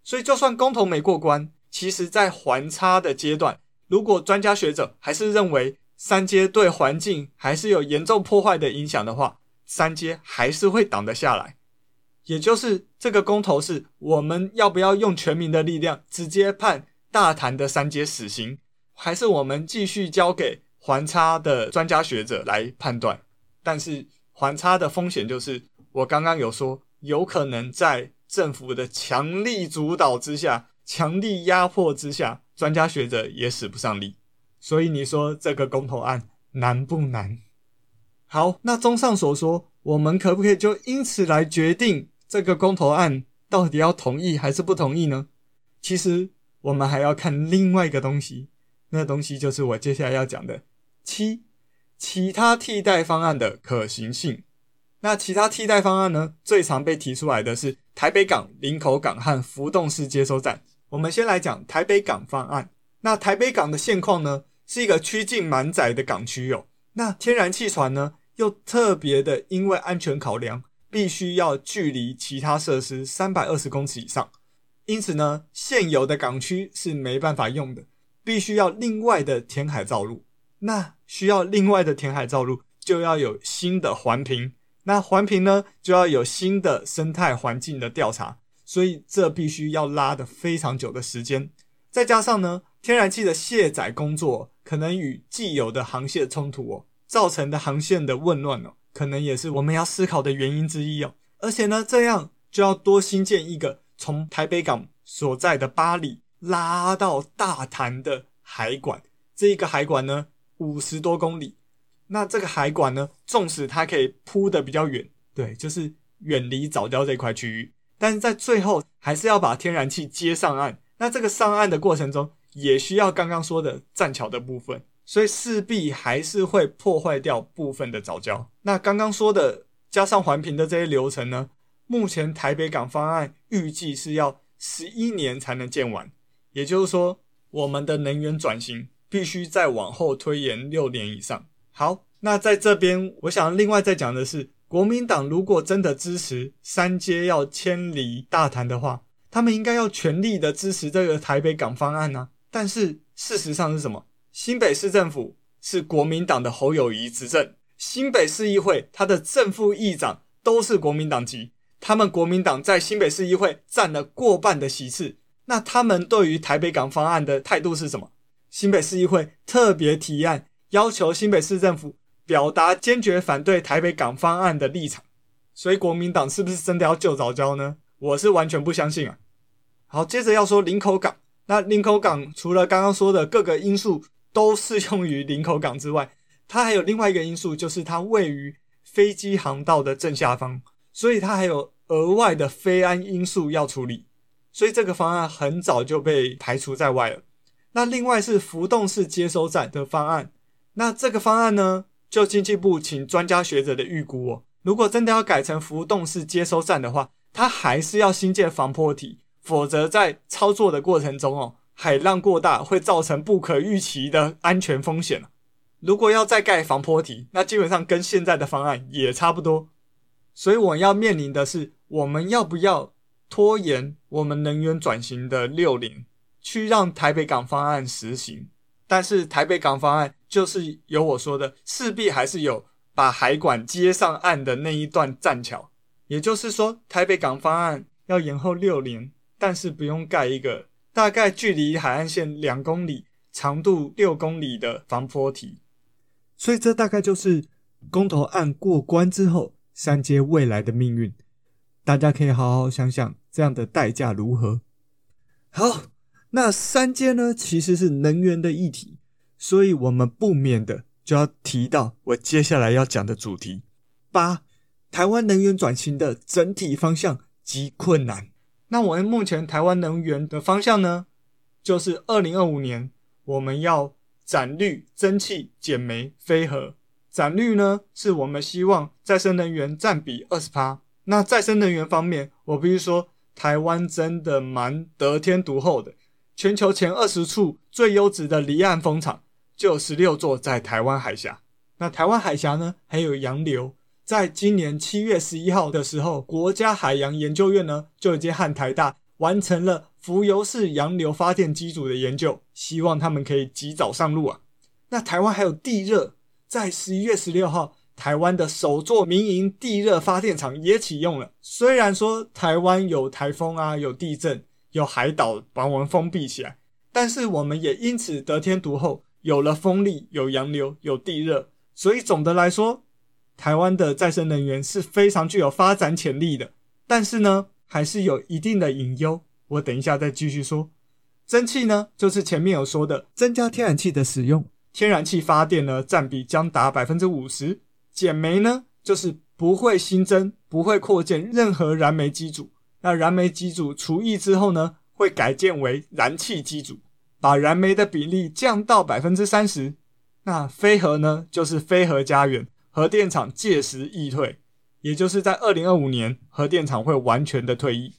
所以就算公投沒過關，其實，在環差的階段，如果專家學者還是認為三接對環境還是有嚴重破壞的影響的話，三接還是會擋得下來。也就是這個公投是，我們要不要用全民的力量直接判大潭的三接死刑，還是我們繼續交給環差的專家學者來判斷？但是環差的風險就是，我剛剛有說，有可能在政府的強力主導之下，強力壓迫之下，專家學者也使不上力。所以你說這個公投案難不難？好，那綜上所說，我們可不可以就因此來決定？這個公投案到底要同意還是不同意呢？其實我們還要看另外一個東西，那東西就是我接下來要講的七其他替代方案的可行性。那其他替代方案呢，最常被提出來的是台北港、林口港和浮動式接收站。我們先來講台北港方案。那台北港的現況呢，是一個趨近滿載的港區哦。那天然氣船呢，又特別的因為安全考量。必須要距離其他設施三百二十公尺以上，因此呢，現有的港區是沒辦法用的，必須要另外的填海造陸。那需要另外的填海造陸，就要有新的環評，那環評呢，就要有新的生態環境的調查，所以這必須要拉得非常久的時間。再加上呢，天然氣的卸載工作可能與既有的航線衝突哦，造成的航線的混亂哦。可能也是我們要思考的原因之一哦，而且呢，這樣就要多新建一個從台北港所在的八里拉到大潭的海管，這一個海管呢，五十多公里，那這個海管呢，縱使它可以鋪的比較遠，對，就是遠離藻礁這塊區域，但是在最後還是要把天然氣接上岸，那這個上岸的過程中也需要剛剛說的棧橋的部分。所以勢必還是會破壞掉部分的藻礁。那剛剛說的加上環評的這些流程呢，目前台北港方案預計是要十一年才能建完，也就是說，我們的能源轉型必須再往後推延六年以上。好，那在這邊，我想另外再講的是，國民黨如果真的支持三接要遷離大潭的話，他們應該要全力的支持這個台北港方案呢、啊。但是事實上是什麼？新北市政府是國民黨的侯友宜執政，新北市議會他的正副議長都是國民黨籍，他們國民黨在新北市議會占了過半的席次，那他們對於台北港方案的態度是什麼？新北市議會特別提案要求新北市政府表達堅決反對台北港方案的立場，所以國民黨是不是真的要救藻礁呢？我是完全不相信啊。好，接着要說林口港，那林口港除了剛剛說的各個因素。都適用於林口港之外，它還有另外一個因素，就是它位於飛機航道的正下方，所以它還有額外的飛安因素要處理，所以這個方案很早就被排除在外了。那另外是浮動式接收站的方案，那這個方案呢，就經濟部請專家學者的預估哦，如果真的要改成浮動式接收站的話，它還是要新建防波堤，否則在操作的過程中哦。海浪過大會造成不可預期的安全風險，如果要再蓋防波堤，那基本上跟現在的方案也差不多。所以我要面臨的是，我們要不要拖延我們能源轉型的六年去讓台北港方案實行？但是台北港方案就是有我說的，勢必還是有把海管接上岸的那一段棧橋。也就是說，台北港方案要延後六年，但是不用蓋一個。大概距離海岸線兩公里，長度六公里的防波堤，所以這大概就是公投案過關之後三接未來的命運。大家可以好好想想這樣的代價如何。好，那三接呢，其實是能源的議題，所以我們不免的就要提到我接下來要講的主題。八，台灣能源轉型的整體方向及困難。那我們目前台灣能源的方向呢，就是二零二五年我們要展綠、增氣、減煤、非核。展綠呢，是我們希望再生能源佔比二十趴。那再生能源方面，我必須說，台灣真的蠻得天獨厚的，全球前二十處最優質的離岸風場就有十六座在台灣海峽。那台灣海峽呢，還有洋流。在今年七月十一號的時候，國家海洋研究院呢就已經和台大完成了浮游式洋流發電機組的研究，希望他們可以及早上路啊。那台灣還有地熱，在十一月十六號，台灣的首座民營地熱發電廠也啟用了。雖然說台灣有台風啊，有地震，有海島把我們封閉起來，但是我們也因此得天獨厚，有了風力，有洋流，有地熱，所以總的來說，台灣的再生能源是非常具有發展潛力的，但是呢，還是有一定的隱憂。我等一下再繼續說。增氣呢，就是前面有說的增加天然氣的使用，天然氣發電呢占比將達百分之五十。減煤呢，就是不會新增、不會擴建任何燃煤機組。那燃煤機組除役之後呢，會改建為燃氣機組，把燃煤的比例降到百分之三十。那非核呢，就是非核家園。核電廠屆時易退，也就是在二零二五年，核電廠會完全的退役。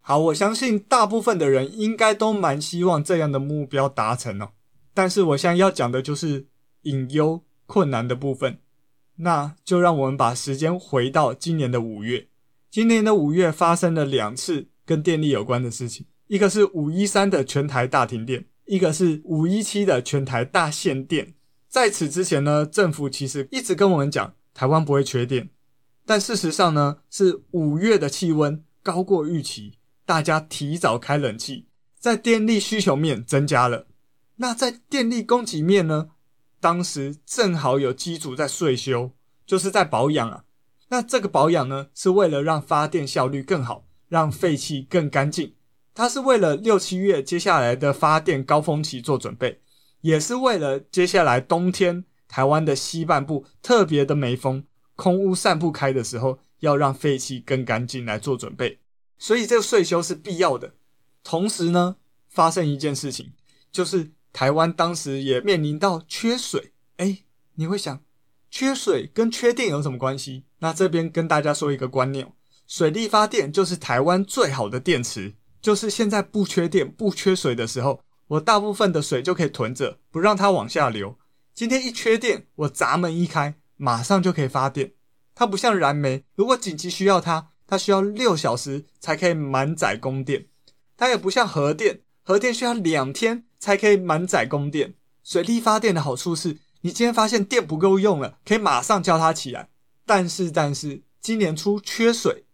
好，我相信大部分的人應該都蠻希望這樣的目標達成哦。但是我現在要講的就是隱憂困難的部分，那就讓我們把時間回到今年的五月。今年的五月發生了兩次跟電力有關的事情，一個是五一三的全台大停電，一個是五一七的全台大限電。在此之前呢，政府其實一直跟我們講台灣不會缺電，但事實上呢是五月的氣溫高過預期，大家提早開冷氣，在電力需求面增加了。那在電力供給面呢，當時正好有機組在歲修，就是在保養啊。那這個保養呢是為了讓發電效率更好，讓廢氣更乾淨，它是為了六七月接下來的發電高峰期做準備。也是為了接下來冬天台灣的西半部特別的沒風、空污散不開的時候，要讓廢氣更乾淨來做準備，所以這個歲修是必要的。同時呢，發生一件事情，就是台灣當時也面臨到缺水。誒、欸，你會想，缺水跟缺電有什麼關係？那這邊跟大家說一個觀念、哦，水力發電就是台灣最好的電池，就是現在不缺電、不缺水的時候。我大部分的水就可以囤着，不讓它往下流。今天一缺電，我閘門一開，馬上就可以發電。它不像燃煤，如果緊急需要它，它需要六小時才可以滿載供電。它也不像核電，核電需要兩天才可以滿載供電。水力發電的好處是，你今天發現電不夠用了，可以馬上叫它起來。但是，但是今年初缺水，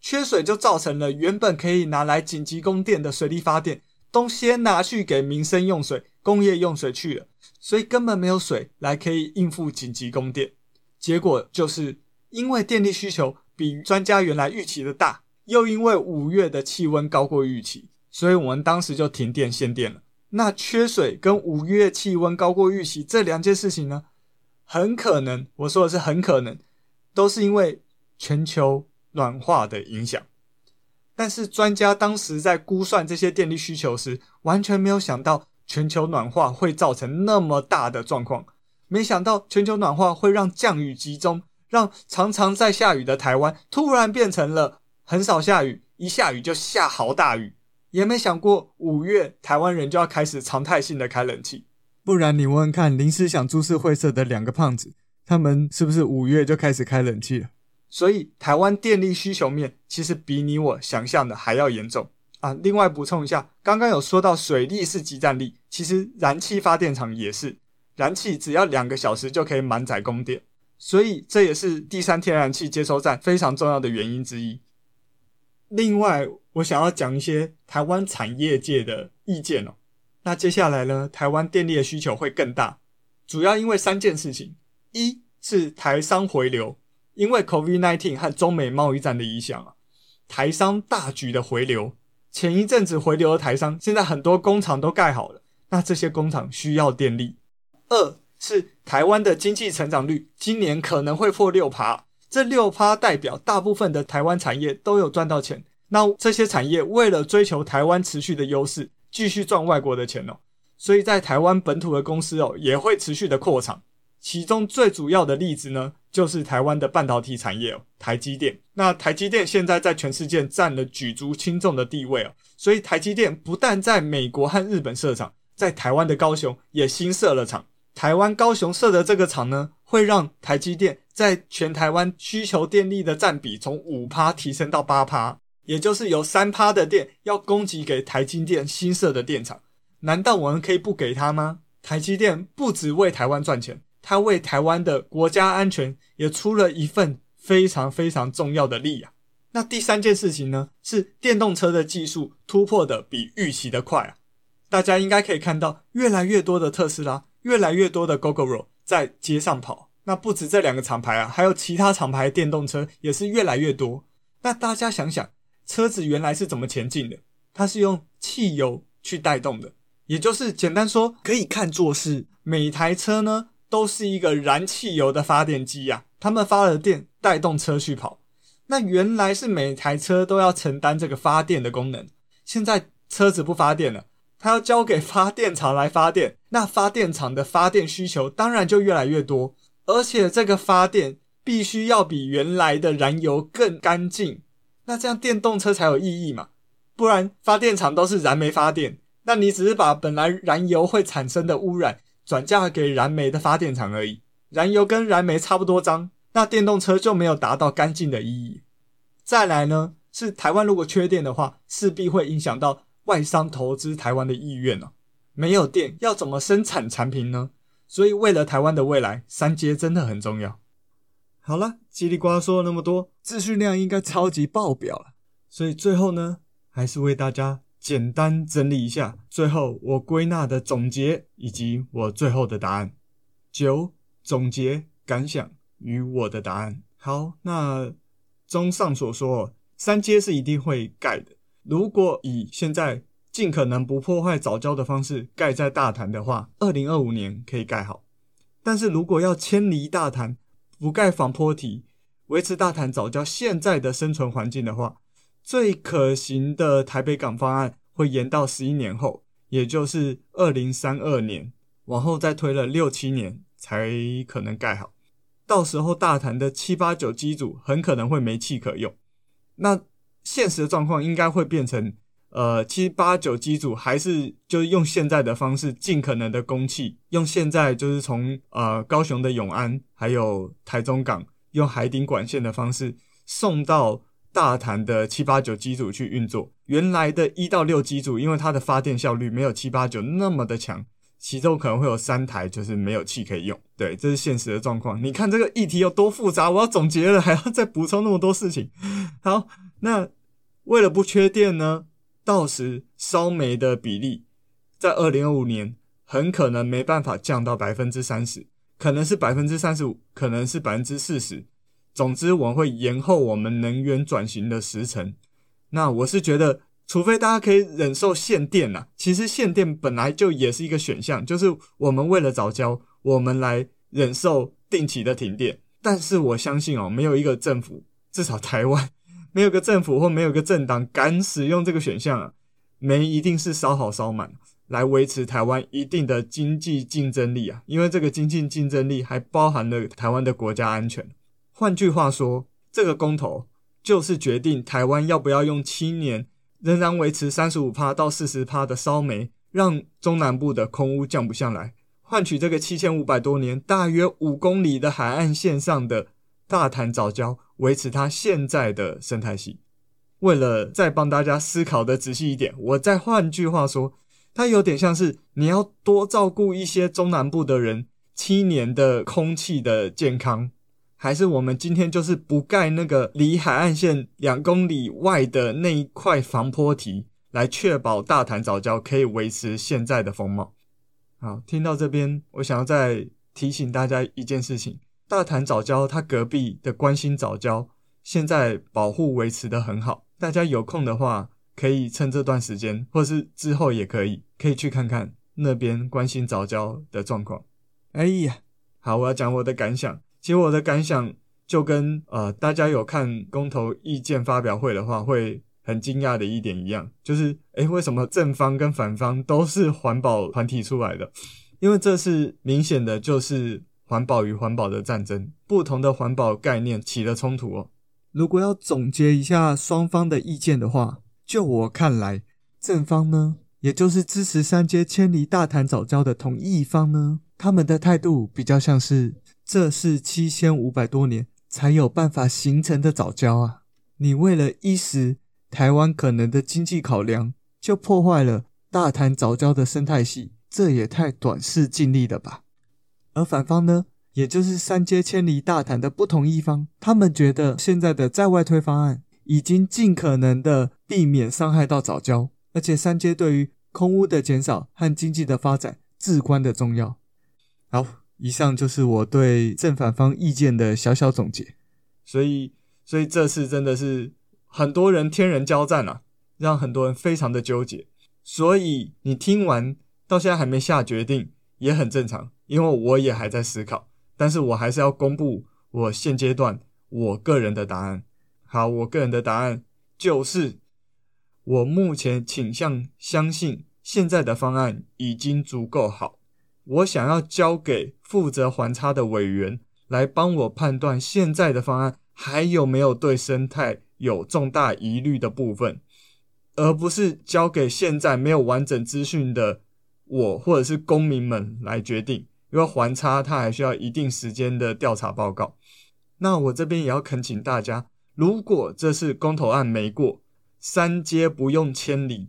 缺水就造成了原本可以拿來緊急供電的水力發電。都先拿去給民生用水、工業用水去了，所以根本沒有水來可以應付緊急供電。結果就是，因為電力需求比專家原來預期的大，又因為五月的氣溫高過預期，所以我們當時就停電限電了。那缺水跟五月氣溫高過預期這兩件事情呢，很可能，我說的是很可能，都是因為全球暖化的影響。但是專家當時在估算這些電力需求時，完全沒有想到全球暖化會造成那麼大的狀況。沒想到全球暖化會讓降雨集中，讓常常在下雨的台灣突然變成了很少下雨，一下雨就下好大雨。也沒想過五月台灣人就要開始常態性的開冷氣。不然你問問看，臨時想株式會社的兩個胖子，他們是不是五月就開始開冷氣了？所以，台灣電力需求面其實比你我想象的還要嚴重啊！另外補充一下，剛剛有說到水力是基載力，其實燃氣發電廠也是，燃氣只要兩個小時就可以滿載供電，所以這也是第三天然氣接收站非常重要的原因之一。另外，我想要講一些台灣產業界的意見哦。那接下來呢，台灣電力的需求會更大，主要因為三件事情：一是台商回流。因為 COVID-19 和中美貿易戰的影響啊，台商大舉的回流。前一陣子回流的台商，現在很多工廠都蓋好了，那這些工廠需要電力。二是台灣的經濟成長率今年可能會破六趴，這六趴代表大部分的台灣產業都有賺到錢。那這些產業為了追求台灣持續的優勢，繼續賺外國的錢哦，所以在台灣本土的公司哦也會持續的擴廠。其中最主要的例子呢？就是台灣的半導體產業哦，台積電。那台積電現在在全世界佔了舉足輕重的地位哦。所以台積電不但在美國和日本設廠，在台灣的高雄也新設了廠。台灣高雄設的這個廠呢，會讓台積電在全台灣需求電力的佔比從五趴提升到八趴，也就是有三趴的電要供給給台積電新設的電廠。難道我們可以不給他嗎？台積電不只為台灣賺錢。他為台灣的國家安全也出了一份非常非常重要的力啊！那第三件事情呢，是電動車的技術突破的比預期的快啊！大家應該可以看到，越來越多的特斯拉，越來越多的 Gogoro 在街上跑。那不止這兩個廠牌啊，還有其他廠牌電動車也是越來越多。那大家想想，車子原來是怎麼前進的？它是用汽油去帶動的，也就是簡單說，可以看作是每台車呢。都是一個燃汽油的發電機呀，他們發了電帶動車去跑。那原來是每台車都要承擔這個發電的功能，現在車子不發電了，它要交給發電廠來發電。那發電廠的發電需求當然就越來越多，而且這個發電必須要比原來的燃油更乾淨，那這樣電動車才有意義嘛。不然發電廠都是燃煤發電，那你只是把本來燃油會產生的污染。轉嫁給燃煤的發電廠而已，燃油跟燃煤差不多髒，那電動車就沒有達到乾淨的意義。再來呢，是台灣如果缺電的話，勢必會影響到外商投資台灣的意願哦。沒有電要怎麼生產產品呢？所以為了台灣的未來，三接真的很重要。好啦，嘰哩呱啦說了那麼多，資訊量應該超級爆表了。所以最後呢，還是為大家簡單整理一下。最後，我歸納的總結以及我最後的答案。九總結感想與我的答案。好，那綜上所說，三接是一定會蓋的。如果以現在盡可能不破壞藻礁的方式蓋在大潭的話，二零二五年可以蓋好。但是如果要遷離大潭，不蓋防波堤，維持大潭藻礁現在的生存環境的話，最可行的台北港方案會延到十一年後。也就是二零三二年往後再推了六七年，才可能蓋好，到時候大潭的七八九機組很可能會沒氣可用。那現實的狀況應該會變成，呃七八九機組還是就是用現在的方式盡可能的供氣，用現在就是從呃高雄的永安還有台中港用海底管線的方式送到。大潭的七八九機組去運作，原來的一到六機組，因為它的發電效率沒有七八九那麼的強，其中可能會有三台就是沒有氣可以用，對，這是現實的狀況。你看這個議題有多複雜，我要總結了還要再補充那麼多事情。好，那為了不缺電呢，到時燒煤的比例在二零二五年很可能沒辦法降到百分之三十，可能是百分之三十五，可能是百分之四十。總之，我們會延後我們能源轉型的時程。那我是覺得，除非大家可以忍受限電啊，其實限電本來就也是一個選項，就是我們為了藻礁，我們來忍受定期的停電。但是我相信哦，沒有一個政府，至少台灣，沒有個政府或沒有一個政黨敢使用這個選項啊。煤一定是燒好燒滿來維持台灣一定的經濟競爭力啊，因為這個經濟競爭力還包含了台灣的國家安全。換句話說，這個公投就是決定台灣要不要用七年仍然維持三十五趴到四十趴的燒煤，讓中南部的空污降不下來，換取這個七千五百多年，大約五公里的海岸線上的大潭藻礁，維持它現在的生態系。為了再幫大家思考得仔細一點，我再換句話說，它有點像是，你要多照顧一些中南部的人，七年的空氣的健康。還是我們今天就是不蓋那個離海岸線兩公里外的那一塊防波堤，來確保大潭藻礁可以維持現在的風貌。好，聽到這邊，我想要再提醒大家一件事情：大潭藻礁它隔壁的關心藻礁現在保護維持得很好，大家有空的話可以趁這段時間，或是之後也可以，可以去看看那邊關心藻礁的狀況。哎呀，好，我要講我的感想。其實我的感想就跟呃大家有看公投意見發表會的話，會很驚訝的一點一樣，就是，誒為什麼正方跟反方都是環保團體出來的？因為這次明顯的就是環保與環保的戰爭，不同的環保概念起了衝突哦。如果要總結一下雙方的意見的話，就我看來，正方呢，也就是支持三接遷離大潭藻礁的同意一方呢，他們的態度比較像是。這是七千五百多年才有辦法形成的藻礁啊！你為了一時台灣可能的經濟考量，就破壞了大潭藻礁的生態系，這也太短視近利了吧？而反方呢，也就是三接遷離大潭的不同一方，他們覺得現在的在外推方案已經盡可能的避免傷害到藻礁，而且三接對於空污的減少和經濟的發展至關的重要。好。以上就是我對正反方意見的小小總結，所以，所以這次真的是很多人天人交戰啊，讓很多人非常的糾結。所以你聽完到現在還沒下決定也很正常，因為我也還在思考。但是我還是要公布我現階段我個人的答案。好，我個人的答案就是，我目前傾向相信現在的方案已經足夠好。我想要交給負責環差的委員來幫我判斷，現在的方案還有沒有對生態有重大疑慮的部分，而不是交給現在沒有完整資訊的我或者是公民們來決定。因為環差它還需要一定時間的調查報告。那我這邊也要懇請大家，如果這次公投案沒過，三接不用遷離。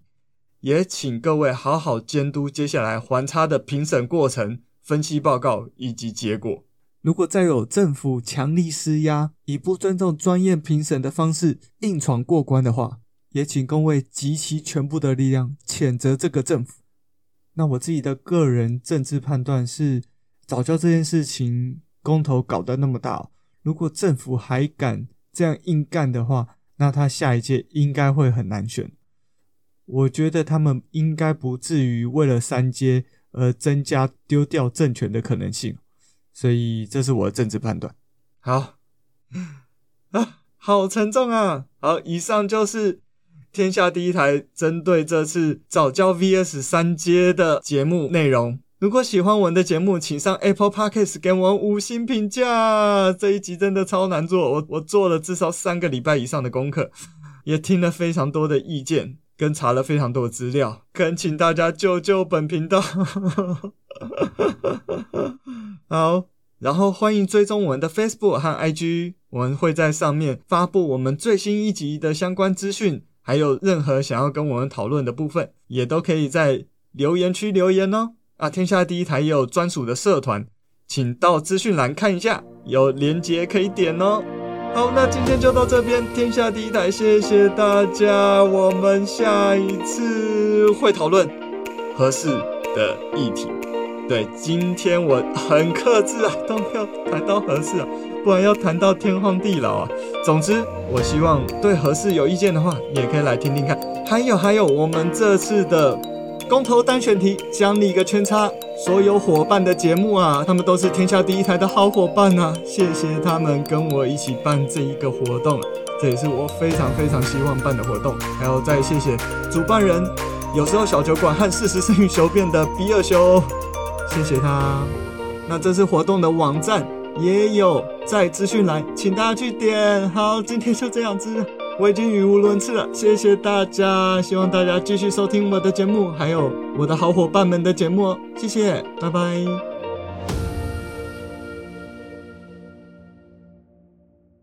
也請各位好好監督接下來環差的評審過程、分析報告以及結果。如果再有政府強力施壓，以不尊重專業評審的方式硬闖過關的話，也請各位集齊全部的力量譴責這個政府。那我自己的個人政治判斷是，藻礁這件事情公投搞得那麼大哦，如果政府還敢這樣硬幹的話，那他下一屆應該會很難選。我覺得他們應該不至於為了三接而增加丟掉政權的可能性，所以這是我的政治判斷。好，啊，好沉重啊！好，以上就是天下第一台針對這次藻礁 VS 三接的節目內容。如果喜歡我的節目，請上 Apple Podcast 給我們五星評價。這一集真的超難做，我我做了至少三個禮拜以上的功課，也聽了非常多的意見。跟查了非常多資料，懇請大家救救本頻道。 [laughs] 好，然後歡迎追蹤我們的 Facebook 和 IG，我們會在上面發布我們最新一集的相關資訊，還有任何想要跟我們討論的部分，也都可以在留言區留言哦。啊，天下第一台也有專屬的社團，請到資訊欄看一下，有連結可以點哦。好，那今天就到這邊，天下第一台，謝謝大家，我們下一次會討論核四的議題。對，今天我很克制啊，都沒有談到核四啊，不然要談到天荒地老啊。總之，我希望對核四有意見的話，也可以來聽聽看。還有還有，我們這次的。公投單選題，講你個圈叉。所有夥伴的節目啊，他們都是天下第一台的好夥伴吶、啊，謝謝他們跟我一起辦這一個活動，這也是我非常非常希望辦的活動。還要再謝謝主辦人，有時候小酒館和事實勝於雄辯的比爾熊，謝謝他。那這次活動的網站也有在資訊欄，請大家去點。好，今天就這樣子了。我已經語無倫次了，謝謝大家，希望大家繼續收聽我的節目，還有我的好夥伴們的節目哦，謝謝，拜拜。